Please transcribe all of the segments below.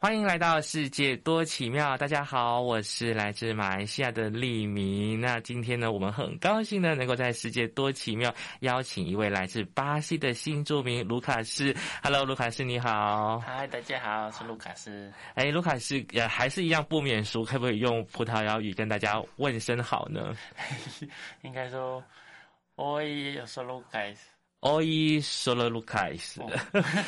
歡迎來到世界多奇妙，大家好，我是來自馬來西亞的立明。那今天呢，我們很高興呢，能夠在世界多奇妙邀請一位來自巴西的新住民盧卡斯。Hello，盧卡斯，你好。嗨，大家好，我是盧卡斯。哎，盧卡斯也還是一樣不免俗，可不可以用葡萄牙語跟大家問聲好呢？ 應該說 Oi，說了盧卡斯。Oi 說了盧卡斯。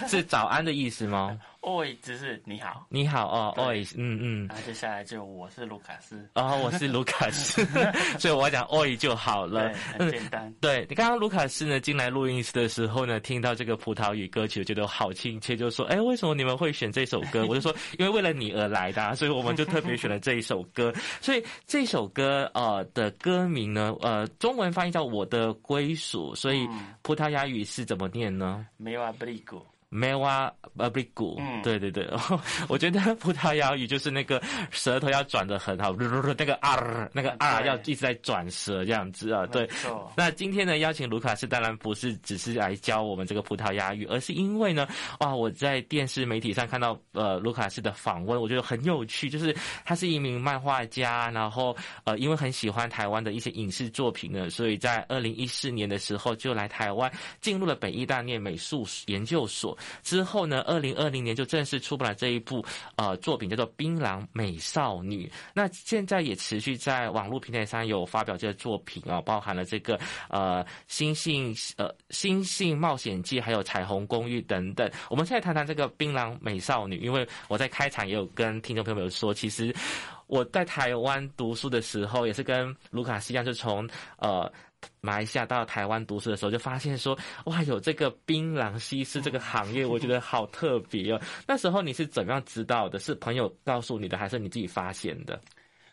是早安的意思嗎？ oi 只是你好，你好哦，oi 嗯嗯，那、啊、接下來就我是盧卡斯，哦，我是盧卡斯， 所以我要講 oi 就好了，對，很簡單。嗯、對，你剛剛盧卡斯呢進來錄音室的時候呢，聽到這個葡萄牙語歌曲，我覺得我好親切，就說：哎，為什麼你們會選這首歌？ 我就說：因為為了你而來的，啊，所以我們就特別選了這一首歌。 所以這首歌啊的歌名呢，呃，中文翻譯叫《我的歸屬》，所以葡萄牙語是怎麼念呢？嗯、沒有啊 Abrigo。沒挖啊，不是鼓，對對對，我覺得葡萄牙語就是那個舌頭要轉的很好，那個啊，那個啊要一直在轉舌這樣子啊，對。那今天呢，邀請盧卡斯當然不是只是來教我們這個葡萄牙語，而是因為呢，哇，我在電視媒體上看到呃盧卡斯的訪問，我覺得很有趣，就是他是一名漫畫家，然後呃因為很喜歡台灣的一些影視作品呢，所以在二零一四年的時候就來台灣進入了北藝大念美術研究所。之後呢？二零二零年就正式出版了這一部呃作品，叫做《檳榔美少女》。那現在也持續在網絡平台上有發表這個作品啊、哦，包含了這個呃《星星》呃《星星冒險記》，還有《彩虹公寓》等等。我們現在談談這個《檳榔美少女》，因為我在開場也有跟聽眾朋友們有說，其實我在台灣讀書的時候，也是跟盧卡斯一樣，就從呃。馬來西亞到台灣讀書的時候，就發現說，哇，有這個檳榔西施這個行業， 我覺得好特別哦。那時候你是怎麼樣知道的？是朋友告訴你的，還是你自己發現的？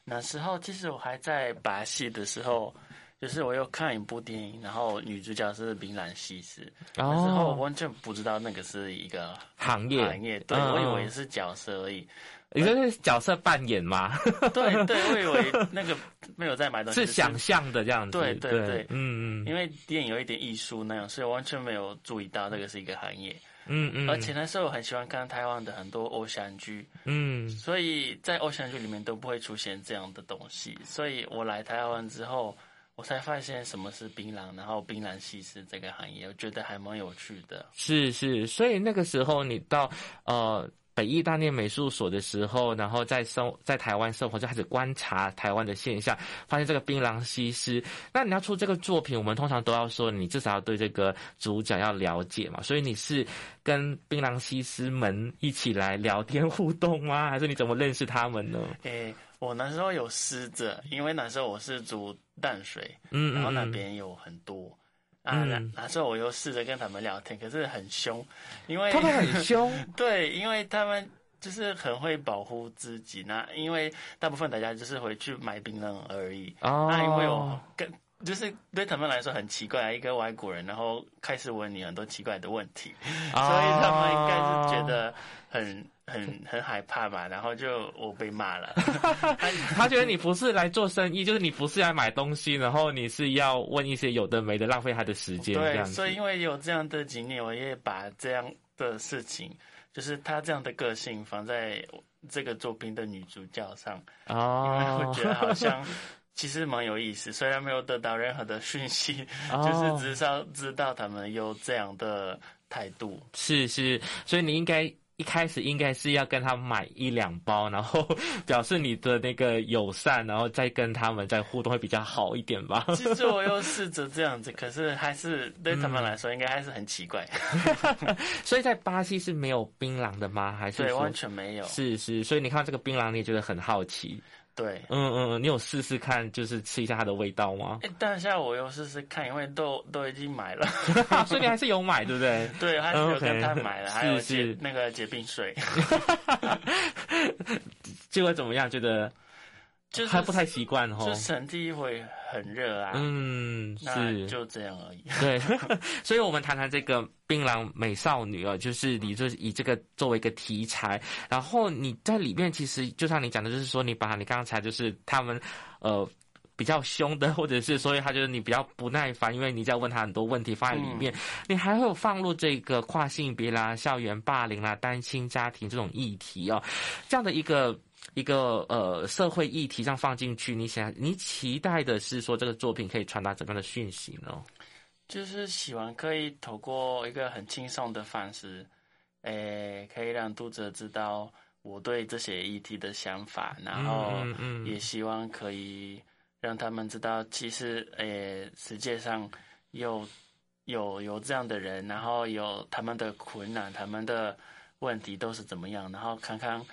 那時候其實我還在巴西的時候。就是我又看一部電影，然後女主角是檳榔西施，那時候完全不知道那個是一個行業，行業對我以為是角色而已，你、哦、說是角色扮演嗎？ 對對，我以為那個沒有在買東西、就是，是想象的這樣子。對對對,對,對,對，嗯嗯，因為電影有一點藝術那樣，所以我完全沒有注意到那個是一個行業。嗯嗯，而且那時候我很喜歡看台灣的很多偶像劇，嗯，所以在偶像劇裡面都不會出現這樣的東西，所以我來台灣之後。我才發現什麼是檳榔，然後檳榔西施這個行業，我覺得還蠻有趣的。是是，所以那個時候你到呃北藝大念美術所的時候，然後在生在台灣生活就開始觀察台灣的現象，發現這個檳榔西施。那你要出這個作品，我們通常都要說你至少要對這個主角要了解嘛。所以你是跟檳榔西施們一起來聊天互動嗎？還是你怎麼認識他們呢？誒、欸。我那時候有試著，因為那時候我是住淡水，嗯、然後那邊有很多。然、嗯啊、那那時候我又試着跟他們聊天，可是很凶，因為他們很凶。 對，因為他們就是很會保護自己那因為大部分大家就是回去買檳榔而已。Oh. 啊，那因為我跟就是對他們來說很奇怪，一個外國人，然後開始問你很多奇怪的問題，oh. 所以他們應該是覺得很。很很害怕吧，然後就我被罵了。 他覺得你不是來做生意，就是你不是來買東西，然後你是要問一些有的沒的，浪費他的時間。對，所以因為有這樣的經歷，我也把這樣的事情，就是他這樣的個性，放在這個作品的女主角上。哦、oh.，因為我覺得好像其實蠻有意思， 雖然沒有得到任何的訊息，oh. 就是至少知道他們有這樣的態度。是是，所以你應該。一開始應該是要跟他買一兩包，然後表示你的那個友善，然後再跟他們再互動會比較好一點吧。 其實我又試着這樣子，可是還是對他們來說應該還是很奇怪。 所以，在巴西是沒有檳榔的嗎？還是對，完全沒有。是是，所以你看到這個檳榔，你也覺得很好奇。對，嗯嗯，你有試試看，就是吃一下它的味道嗎？誒，等一下我又試試看，因為都都已經買了， 所以你還是有買，對不對？對，還是有跟他買的，okay，還有是，是那個結冰水，哈哈哈，結果怎麼樣？覺得就是還不太習慣哈，就省、是哦、第一回。很熱啊，嗯，是、啊、就這樣而已。 對呵呵，所以，我們談談這個《檳榔美少女》啊，就是你就是以這個作為一個題材、嗯，然後你在裡面其實就像你講的，就是說你把你剛才就是他們呃比較凶的，或者是所以他就是你比較不耐煩，因為你在問他很多問題放在裡面，嗯、你還有放入這個跨性別啦、啊、校園霸凌啦、啊、單親家庭這種議題啊，這樣的一個。一個呃社會議題上放進去，你想你期待的是說這個作品可以傳達怎樣的訊息呢？就是希望可以透過一個很輕鬆的方式，誒、哎、可以讓讀者知道我對這些議題的想法，然後也希望可以讓他們知道，其實誒、哎、世界上有有有這樣的人，然後有他們的困難、他們的問題都是怎麼樣，然後看看。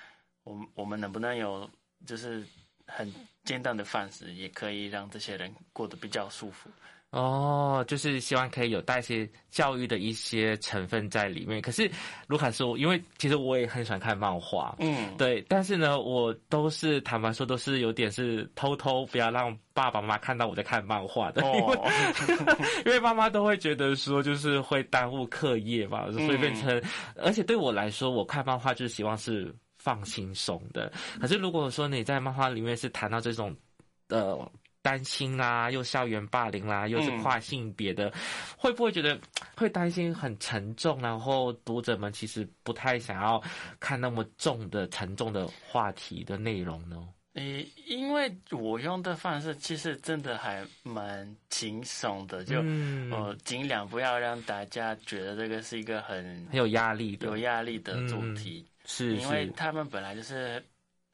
我們我們能不能有就是很簡單的方式，也可以讓這些人過得比較舒服哦，就是希望可以有帶一些教育的一些成分在裡面。可是盧卡斯說，因為其實我也很喜歡看漫畫，嗯，對，但是呢，我都是坦白說，都是有點是偷偷不要讓爸爸媽媽看到我在看漫畫的，哦、因為 因為媽媽都會覺得說就是會耽誤課業嘛，所以變成、嗯、而且對我來說，我看漫畫就是希望是。放輕鬆的，可是如果說你在漫畫裡面是談到這種，呃，擔心啦、啊，又校園霸凌啦、啊，又是跨性別的、嗯，會不會覺得會擔心很沉重？然後讀者們其實不太想要看那麼重的沉重的話題的內容呢？誒，因為我用的方式其實真的還蠻輕鬆的，就我、嗯、盡量不要讓大家覺得這個是一個很很有壓力的、有壓力的主題，嗯、是、是因為他們本來就是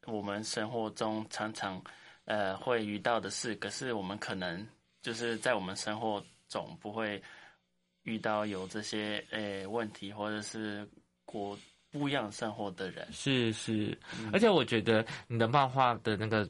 我們生活中常常呃會遇到的事，可是我們可能就是在我們生活中不會遇到有這些誒、欸、問題或者是過。不一樣生活的人是是、嗯，而且我覺得你的漫畫的那個，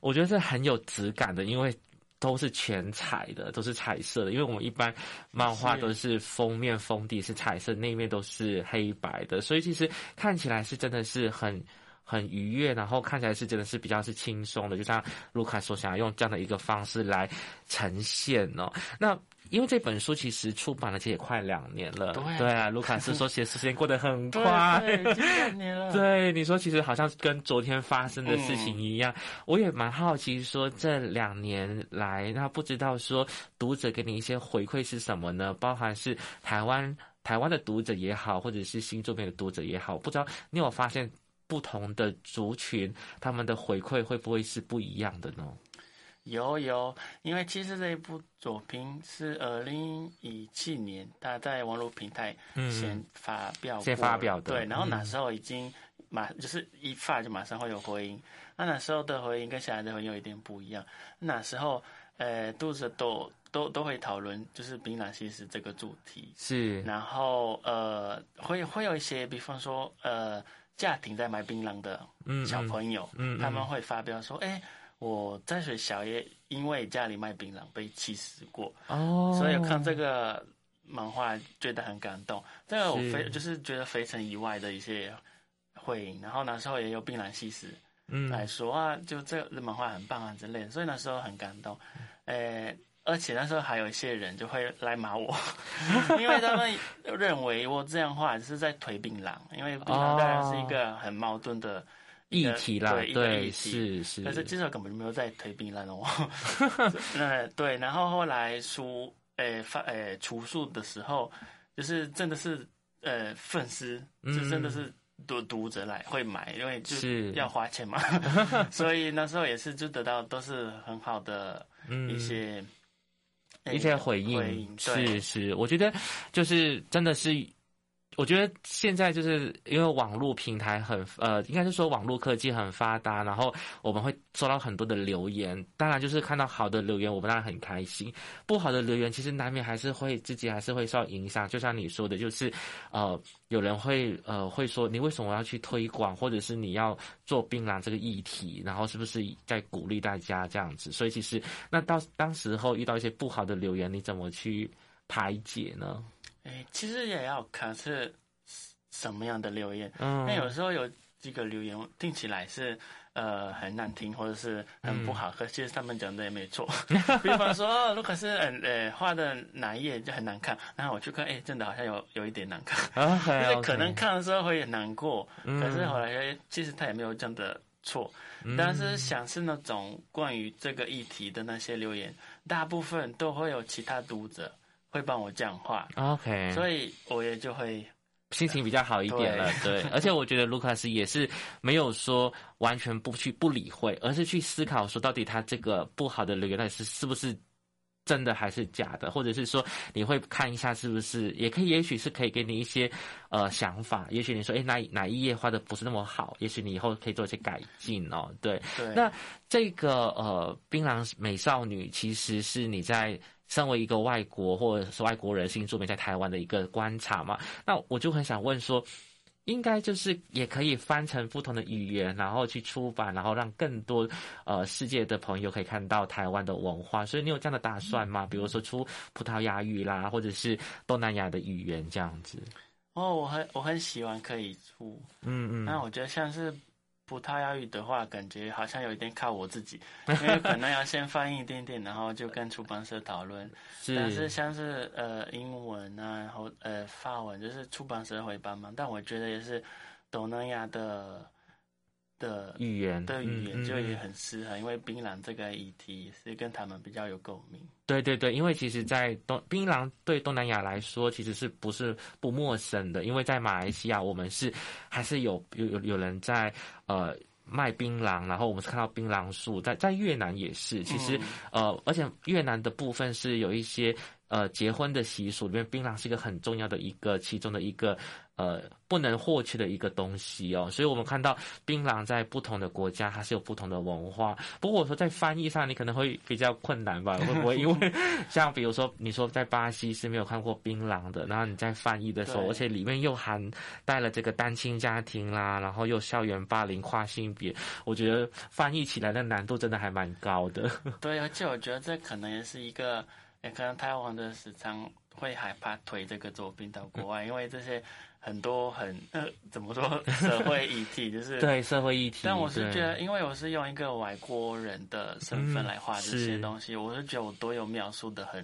我覺得是很有質感的，因為都是全彩的，都是彩色的。因為我們一般漫畫都是封面封底是彩色，內面都是黑白的，所以其實看起來是真的是很很愉悅，然後看起來是真的是比較是輕鬆的，就像盧卡斯所想要用這樣的一個方式來呈現哦。那因為這本書其實出版了，這也快兩年了。對啊，盧卡斯說，其實時間過得很快。對，對，兩年了。 對你說，其實好像跟昨天發生的事情一樣。我也蠻好奇，說這兩年來，那不知道說讀者給你一些回饋是什麼呢？包含是台灣台灣的讀者也好，或者是新作品的讀者也好，不知道你有發現不同的族群他們的回饋會不會是不一樣的呢？有有，因為其實這一部作品是二零一七年，他在網絡平台先發表、嗯，先發表的對，然後那時候已經馬、嗯、就是一發就馬上會有回應，那那時候的回應跟現在的回應有一點不一樣。那時候呃，讀者都都都會討論，就是檳榔西施這個主題是，然後呃，會會有一些，比方說呃，家庭在買檳榔的小朋友嗯嗯嗯嗯，他們會發表說，哎、欸。我在學校也因為家裡賣檳榔被氣死過，oh, 所以看這個漫畫覺得很感動。這個我非，就是覺得非常意外的一些回應，然後那時候也有檳榔西施，嗯，來說啊、嗯，就這個漫畫很棒啊之類，所以那時候很感動。誒、欸，而且那時候還有一些人就會來罵我， 因為他們認為我這樣畫是在推檳榔，因為檳榔當然是一個很矛盾的。議題啦，對，對，對，是是，但是至少根本就沒有在推檳榔哦。 那對，然後後來出誒發誒出書的時候，就是真的是呃粉絲，就真的是讀讀者來會買，因為就是要花錢嘛， 是 所以那時候也是就得到都是很好的一些、嗯、一些回應，回應對是是，我覺得就是真的是。我覺得現在就是因為網絡平台很呃，應該是說網絡科技很發達，然後我們會收到很多的留言。當然，就是看到好的留言，我們當然很開心；不好的留言，其實難免還是會自己還是會受影響。就像你說的，就是呃，有人會呃會說你為什麼要去推廣，或者是你要做檳榔這個議題，然後是不是在鼓勵大家這樣子？所以，其實那到當時候遇到一些不好的留言，你怎麼去排解呢？哎、欸，其實也要看是什麼樣的留言。嗯，那、欸、有時候有幾個留言聽起來是呃很難聽，或者是很不好，嗯、可是其實他們講的也沒錯、嗯。比方說， 如果是呃呃畫的哪一頁就很難看，然後我去看，哎、欸，真的好像有有一點難看，因、okay, 為、okay. 可能看的時候會很難過。嗯，可是後來其實他也沒有這樣的錯。嗯，但是想是那種關於這個議題的那些留言，大部分都會有其他讀者，會幫我講話，OK，所以我也就會心情比較好一點了。呃、對，對，而且我覺得盧卡斯也是沒有說完全不去不理會，而是去思考說到底他這個不好的留言是是不是真的還是假的，或者是說你會看一下是不是也可以，也許是可以給你一些呃想法。也許你說，哎，哪哪一頁畫的不是那麼好，也許你以後可以做一些改進哦。對，對。那這個呃，檳榔美少女其實是你在。身為一個外國或者是外國人，新住民在台灣的一個觀察嘛，那我就很想問說，應該就是也可以翻成不同的語言，然後去出版，然後讓更多呃世界的朋友可以看到台灣的文化。所以你有這樣的打算嗎、嗯？比如說出葡萄牙語啦，或者是東南亞的語言這樣子？哦，我很我很喜歡可以出，嗯嗯，那我覺得像是。葡萄牙語的話，感覺好像有一點靠我自己，因為可能要先翻譯一點點， 然後就跟出版社討論。是，但是像是呃英文啊，然後呃法文，就是出版社會幫忙。但我覺得也是東南亞的。的語言的語言就也很適合，嗯嗯，因為檳榔這個議題也是跟他們比較有共鳴。對對對，因為其實，在東檳榔對東南亞來說，其實是不是不陌生的？因為在馬來西亞，我們是還是有有有有人在呃賣檳榔，然後我們是看到檳榔樹，在在越南也是，其實、嗯、呃，而且越南的部分是有一些呃結婚的習俗裡面，檳榔是一個很重要的一個其中的一個。呃，不能獲取的一個東西哦，所以我們看到檳榔在不同的國家，它是有不同的文化。不過我說在翻譯上，你可能會比較困難吧？會不會因為像比如說你說在巴西是沒有看過檳榔的，然後你在翻譯的時候，而且裡面又含帶了這個單親家庭啦、啊，然後又校園霸凌、跨性別，我覺得翻譯起來的難度真的還蠻高的。對，而且我覺得這可能也是一個，哎、可能台灣的市場會害怕推這個作品到國外、嗯，因為這些。很多很，呃，怎麼說社會議題就是 對社會議題，但我是覺得，因為我是用一個外國人的身份來畫這些東西，嗯、是我是覺得我都有描述得很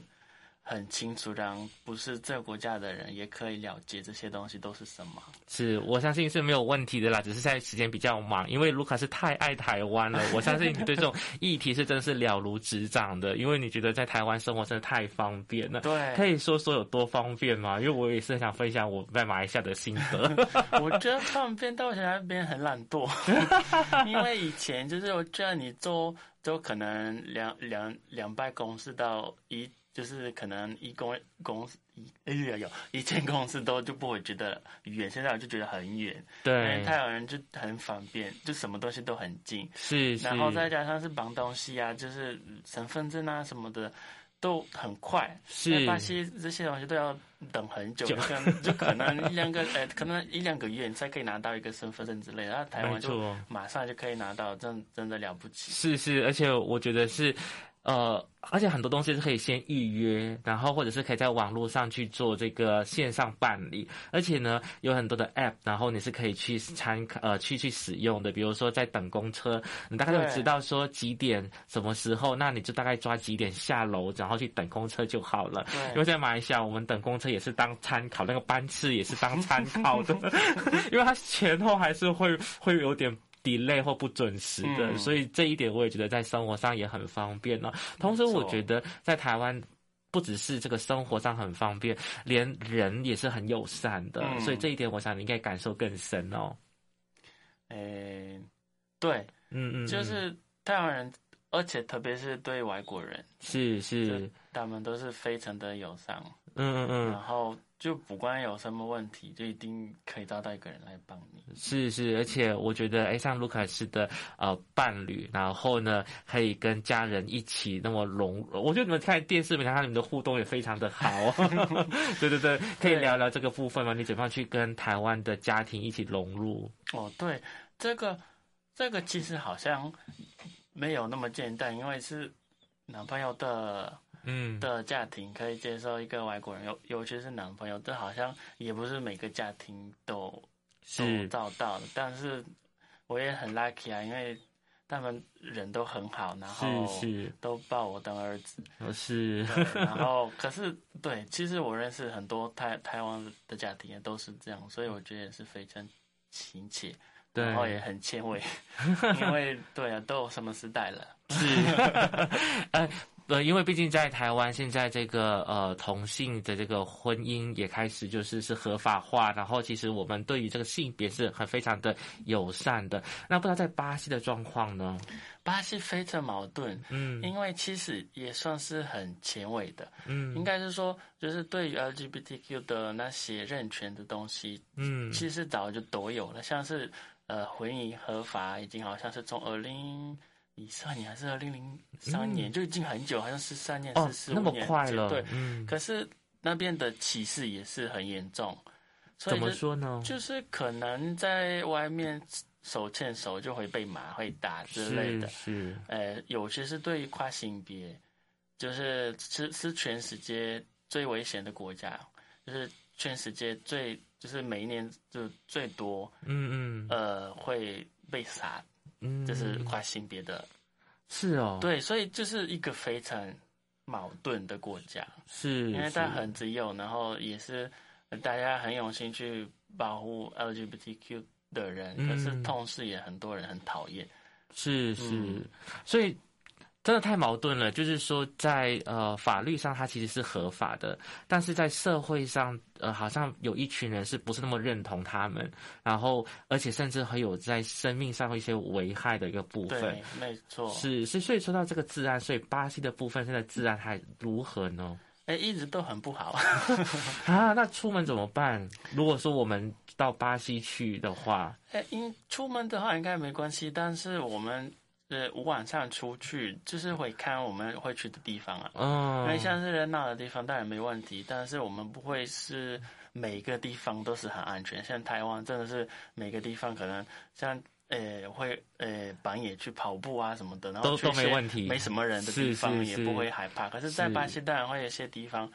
很清楚，讓不是這個國家的人也可以了解這些東西都是什麼。是我相信是沒有問題的啦，只是現在時間比較忙，因為盧卡是太愛台灣了。我相信你對這種議題是真的是了如指掌的， 因為你覺得在台灣生活真的太方便了。對，可以說說有多方便嗎？因為我也是想分享我在馬來西亞的心得。 我覺得方便到現在，別人很懶惰， 因為以前就是我叫你做，就可能兩兩兩敗公司到一。就是可能一公公司、哎、一哎呀有一間公司都就不會覺得遠，現在我就覺得很遠。對，哎、台灣人就很方便，就什麼東西都很近。是，是然後再加上是綁東西啊，就是身份證啊什麼的都很快。是、哎，巴西這些東西都要等很久，就，就可能一兩個、 哎、可能一兩個月你才可以拿到一個身份證之類的，啊、然後台灣就馬上就可以拿到，真真的了不起。是是，而且我覺得是。呃，而且很多東西是可以先預約，然後或者是可以在網絡上去做這個線上辦理，而且呢有很多的 app，然後你是可以去參考呃去去使用的。比如說在等公車，你大概就知道說幾點什麼時候，那你就大概抓幾點下樓，然後去等公車就好了。因為在馬來西亞，我們等公車也是當參考，那個班次也是當參考的， 因為它前後還是會會有點。delay 或不準時的、嗯，所以這一點我也覺得在生活上也很方便哦。同時，我覺得在台灣不只是這個生活上很方便，連人也是很友善的。嗯、所以這一點，我想你應該感受更深哦。誒、欸，對，嗯嗯，就是台灣人，而且特別是對外國人，是是，他們都是非常的友善。嗯嗯嗯，然後。就不管有什麼問題，就一定可以找到一個人來幫你。是是，而且我覺得，誒像盧卡斯的呃伴侶，然後呢，可以跟家人一起那麼融。我覺得你們看電視，沒想到你們的互動也非常的好。 對對對，可以聊聊這個部分嗎？你怎樣去跟台灣的家庭一起融入？哦，對，這個這個其實好像沒有那麼簡單，因為是男朋友的。嗯，的家庭可以接受一個外國人，尤尤其是男朋友，這好像也不是每個家庭都是都做到的。但是我也很 lucky 啊，因為他們人都很好，然後是都抱我當兒子，是，是，是。然後可是對，其實我認識很多泰台台灣的家庭也都是這樣，所以我覺得也是非常親切，然後也很前衛，因為對啊，都有什麼時代了，是， 哎呃，因為畢竟在台灣，現在這個呃同性的這個婚姻也開始就是是合法化，然後其實我們對於這個性別是很非常的友善的。那不知道在巴西的狀況呢？巴西非常矛盾，嗯，因為其實也算是很前衛的，嗯，應該是說就是對於 LGBTQ 的那些人權的東西，嗯，其實早就都有了，像是呃婚姻合法已經好像是從二零。以上，你還是二零零三年、嗯、就已經很久，好像是三年、四四五年。那麼快了？對，嗯、可是那邊的歧視也是很嚴重、就是。怎麼說呢？就是可能在外面手牽手就會被罵、會打之類的。是。是呃，有些是對跨性別，就是是是全世界最危險的國家，就是全世界最就是每一年就最多。嗯嗯。呃，會被殺。嗯，就是跨性別的，是哦，對，所以就是一個非常矛盾的國家，是，是因為它很自由，然後也是大家很用心去保護 LGBTQ 的人，嗯、可是同時也很多人很討厭，是是、嗯，所以。真的太矛盾了，就是說在，在呃法律上，它其實是合法的，但是在社會上，呃，好像有一群人是不是那麼認同他們？然後，而且甚至還有在生命上一些危害的一個部分，對沒錯，是是。所以說到這個治安，所以巴西的部分現在治安還如何呢？哎，一直都很不好 啊。那出門怎麼辦？如果說我們到巴西去的話，哎，因出門的話應該沒關係，但是我們。是，我晚上出去就是會看我們會去的地方啊。嗯、oh.，因為像是熱鬧的地方當然沒問題，但是我們不會是每個地方都是很安全。像台灣真的是每個地方可能像呃、欸、會呃半、欸、夜去跑步啊什麼的，然後都沒問題，沒什麼人的地方也不會害怕。都都是是是可是，在巴西當然會有些地方。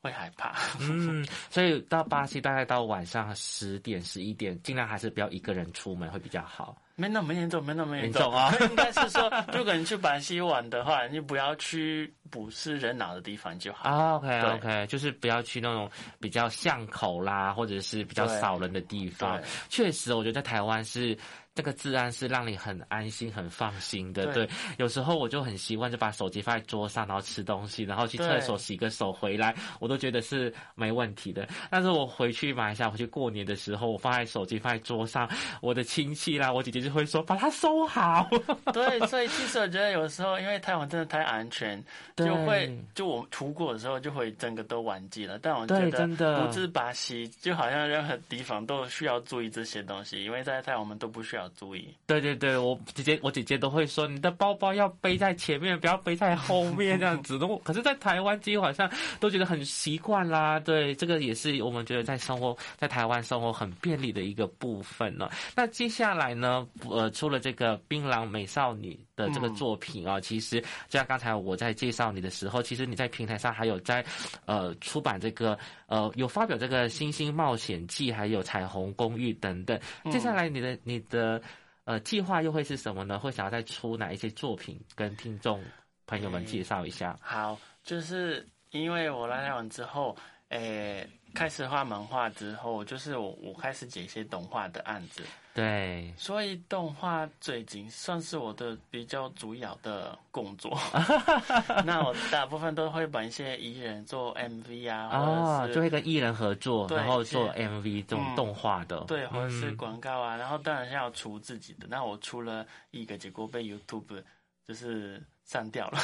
會害怕，嗯，所以到巴西大概到晚上十點十一點，盡量還是不要一個人出門會比較好。沒那麼嚴重，沒那麼嚴重啊， 應該是說，如果你去巴西玩的話，你不要去捕食人腦的地方就好。Oh, OK, OK，就是不要去那種比較巷口啦，或者是比較少人的地方。確實，我覺得在台灣是。這個治安是讓你很安心、很放心的對。對，有時候我就很習慣，就把手機放在桌上，然後吃東西，然後去廁所洗個手，回來我都覺得是沒問題的。但是我回去馬來西亞，回去過年的時候，我放在手機放在桌上，我的親戚啦，我姐姐就會說：“把它收好。”對， 所以其實我覺得有時候，因為台灣真的太安全，就會就我出國的時候就會整個都忘記了。但我覺得不只巴西就好像任何地方都需要注意這些東西，因為在台灣我們都不需要。注意，對對對，我姐姐我姐姐都會說，你的包包要背在前面，不要背在後面這樣子的。 可是在台灣基本上都覺得很習慣啦。對，這個也是我們覺得在生活在台灣生活很便利的一個部分呢、啊。那接下來呢，呃，除了這個檳榔美少女。的這個作品啊，嗯、其實就像剛才我在介紹你的時候，其實你在平台上還有在，呃，出版這個呃，有發表這個《星星冒險記》，還有《彩虹公寓》等等。接下來你的你的呃計劃又會是什麼呢？會想要再出哪一些作品，跟聽眾朋友們介紹一下、嗯。好，就是因為我來下網之後，誒、欸。開始畫漫畫之後，就是我我開始接一些動畫的案子。對，所以動畫最近算是我的比較主要的工作。 那我大部分都會幫一些藝人做 MV 啊，啊、哦，就會跟藝人合作，然後做 MV 這種、嗯、動畫的，對，或者是廣告啊。然後當然要出自己的，嗯、那我出了一個，結果被 YouTube 就是刪掉了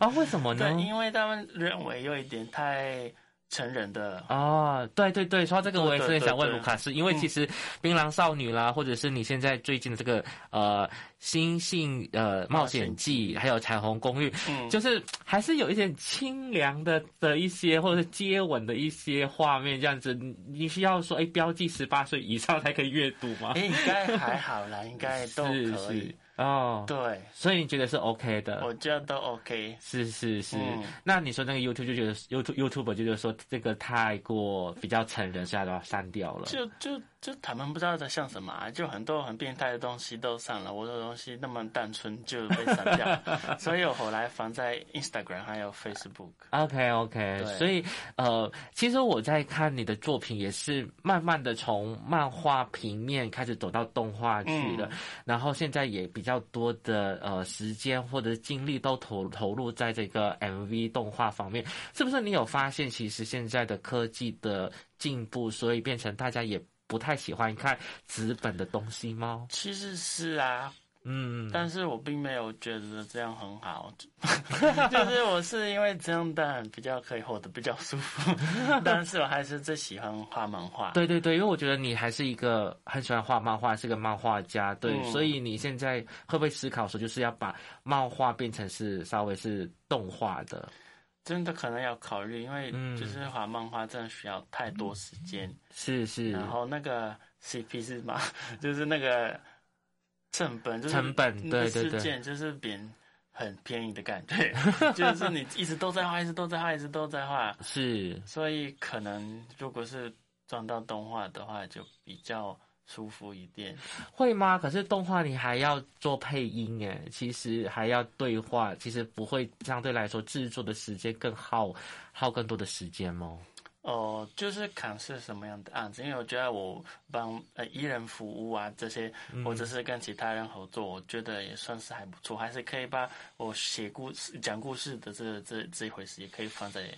啊、哦？為什麼呢？因為他們認為有一點太。成人的哦，對對對，說到這個，我也是想問盧卡斯，因為其實《檳榔少女》啦、嗯，或者是你現在最近的這個呃《星星》呃《冒險記》，還有《彩虹公寓》嗯，就是還是有一點清涼的的一些，或者是接吻的一些畫面這樣子，你需要說哎，標記十八歲以上才可以閱讀嗎？哎，應該還好啦， 應該都可以。是是哦、oh，對，所以你覺得是 OK 的？我覺得都 OK。是是是、嗯，那你說那個 YouTube 就覺得 YouTube YouTube 就覺得說這個太過比較成人，現在都要刪掉了。就就。就他們不知道在想什麼、啊，就很多很變態的東西都上了。我的東西那麼單純就被刪掉， 所以我後來放在 Instagram 還有 Facebook。OK OK，所以呃，其實我在看你的作品，也是慢慢的從漫畫平面開始走到動畫去的、嗯。然後現在也比較多的呃時間或者精力都投投入在這個 MV 動畫方面，是不是？你有發現，其實現在的科技的進步，所以變成大家也不太喜歡看紙本的東西嗎？其實是啊，嗯，但是我並沒有覺得這樣很好， 就是我是因為這樣的比較可以活得比較舒服。 但是我還是最喜歡畫漫畫。對對對，因為我覺得你還是一個很喜歡畫漫畫，是個漫畫家，對、嗯，所以你現在會不會思考說，就是要把漫畫變成是稍微是動畫的？真的可能要考慮，因為就是畫漫畫真的需要太多時間。嗯、是是。然後那個 CP 是嘛？就是那個成本，成本對事件就是別人很便宜的感覺，對對對，就是你一直，一直都在畫，一直都在畫，一直都在畫。是。所以可能如果是轉到動畫的話，就比較。舒服一點，會嗎？可是動畫你還要做配音誒，其實還要對話，其實不會相對來說製作的時間更耗耗更多的時間嗎？哦、呃，就是看是什麼樣的案子，因為我覺得我幫呃藝人服務啊這些，或者是跟其他人合作、嗯，我覺得也算是還不錯，還是可以把我寫故事、講故事的這個、這這一回事也可以放在。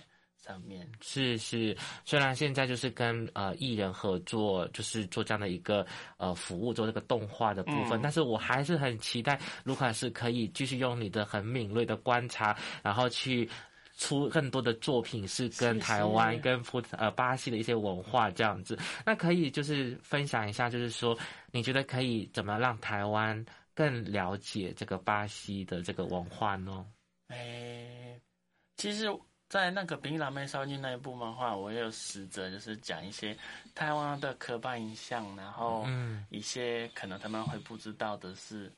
上面是是，雖然現在就是跟呃藝人合作，就是做這樣的一個呃服務，做這個動畫的部分、嗯，但是我還是很期待盧卡斯可以繼續用你的很敏銳的觀察，然後去出更多的作品，是跟台灣跟葡呃巴西的一些文化這樣子。嗯、那可以就是分享一下，就是說你覺得可以怎麼讓台灣更了解這個巴西的這個文化呢？哎，其實。在那個《檳榔美少女》那一部漫畫，我也有試着就是講一些台灣的刻板印象，然後嗯一些可能他們會不知道的事。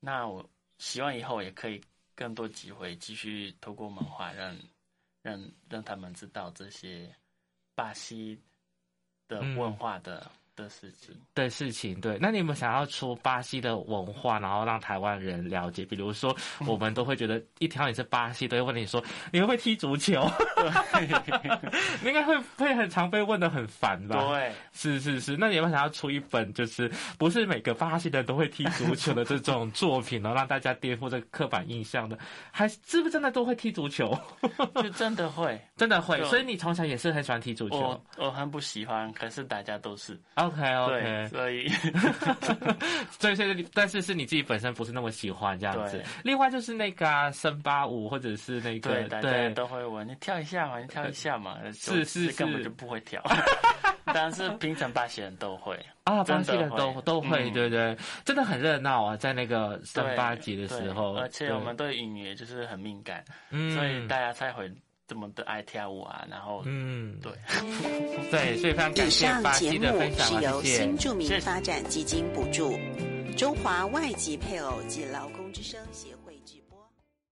那我希望以後也可以更多機會繼續透過漫畫讓讓讓他們知道這些巴西的文化的。嗯的事情，的事情，對。那你們想要出巴西的文化，然後讓台灣人了解，比如說，我們都會覺得一聽到你是巴西、嗯、都會問你說你會不會踢足球？ 你應該會會很常被問得很煩吧？對，是是是。那你有沒有想要出一本就是不是每個巴西人都會踢足球的這種作品， 然後讓大家顛覆這個刻板印象的，還是，是不是真的都會踢足球？ 就真的會，真的會。所以你從小也是很喜歡踢足球？我我很不喜歡，可是大家都是。OK OK，所以，所以 所以，但是是你自己本身不是那麼喜歡這樣子。另外就是那個森巴舞或者是那個，對，對都會問你跳一下嘛，你跳一下嘛。是是是，根本就不會跳。 但是平常巴西人都會啊，會巴西人都都會，嗯、對，對對，真的很熱鬧啊，在那個森巴節的時候，而且我們對音樂就是很敏感、嗯，所以大家才會。這麼的愛跳舞啊，然後嗯，對， 對，所以非常感謝。以上節目是由新住民發展基金補助，中華外籍配偶及勞工之聲協會。